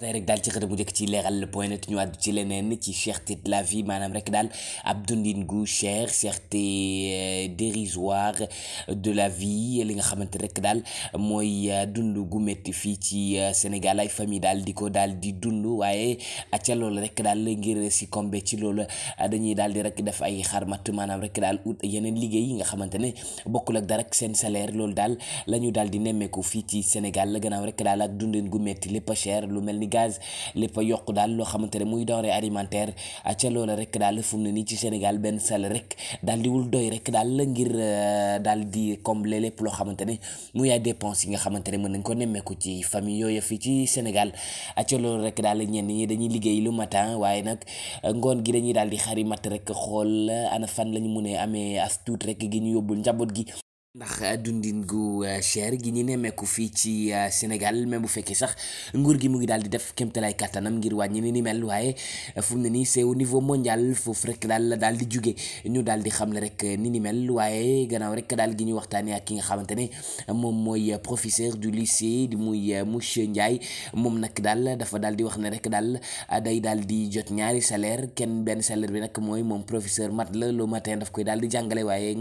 ba tey bu njëkk ci leeral point net ñu àddu ci leneen ci cherté de la daal ab dundin gu cher cherté euh, dérisoire de la vie li nga xamante rek daal mooy euh, dund gu métti fii ci euh, Sénégal ay famille daal di ko daal di dund waaye ca loolu rek daal ngir si combe ci loolu dañuy daal di rek def ay xar matt maanaam rekk daal ut yeneen liggéey yi nga xamante ne bokkul ak dara ak seen salaire loolu daal la ñu di nemmeeku fii ci Sénégal gannaaw rek daal ak dundin gu métti lépp lu mel ni di gaz lépp a yokku daal loo xamante ne muy denrée alimentaire ca loola rek daal fu mu ne nii ci Sénégal benn sal rek daal di wul doy rek daal ngir euh, daal di combler lépp loo xamante ne muy ay dépenses yi nga xamante ne mën nañ ko nemmeeku ci famille yooyu fii ci Sénégal ca loolu rek daal ñenn ñi dañuy liggéey lu matin waaye nag euh, ngoon gi dañuy daal di xari mat rek xool euh, ana fan lañu mun a amee as tuut rek gi ñu yóbbul njaboot gi ndax euh, dundin gu euh, cher gi ñu nemmeeku fii ci euh, Sénégal même bu fekkee sax nguur gi mu ngi daal di def kéemtalaay kàttanam ngir wàññi ni ni mel waaye fu mu ne nii c'est au niveau mondial foofu rek daal daal di jóge ñu daal di xam le rek ni ni mel waaye gannaaw rek daal gi ñu waxtaanee ak ki nga xamante ne moom mooy professeur du lycée di muy monsieur Ndiaye moom nag daal dafa daal di wax ne rek daal day daal di jot ñaari salaire kenn benn salaire bi nag mooy moom professeur mat la daf koy daal di jàngale waaye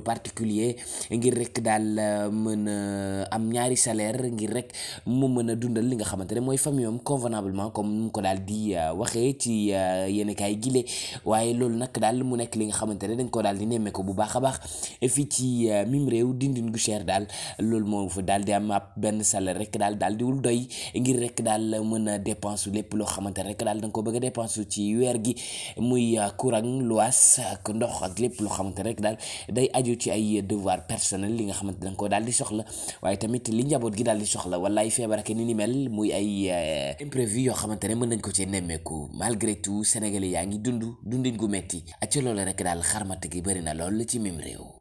concours particulier ngir rek daal euh, mën a euh, am ñaari salaire ngir rek mu mën a dundal li nga xamante ne mooy famille am convenablement comme mu ko daal di euh, waxee ci yenn kaay gile waaye loolu nag daal mu nekk li nga xamante ne dañ ko daal di nemmee ko bu baax a baax fii ci mim réew dindin gu cher daal loolu moo fa daal di am ab benn salaire rek daal daal diwul doy ngir rek daal mën a dépense lépp loo xamante ne rek daal da nga ko bëgg a dépense ci weer gi muy courant luwaas ak ndox ak lépp loo xamante ne daal aju ci ay devoir personnel li nga xamante da nga ko daal di soxla waaye tamit li njaboot gi daal di soxla wala ay feebar ak ni ni mel muy ay eh, imprévu yoo xamante ne mën nañ ko cee nemmeeku malgré tout sénégalais yaa ngi dund dundin gu metti ak ci loolu rek daal xarmat gi bëri na lool ci mim réew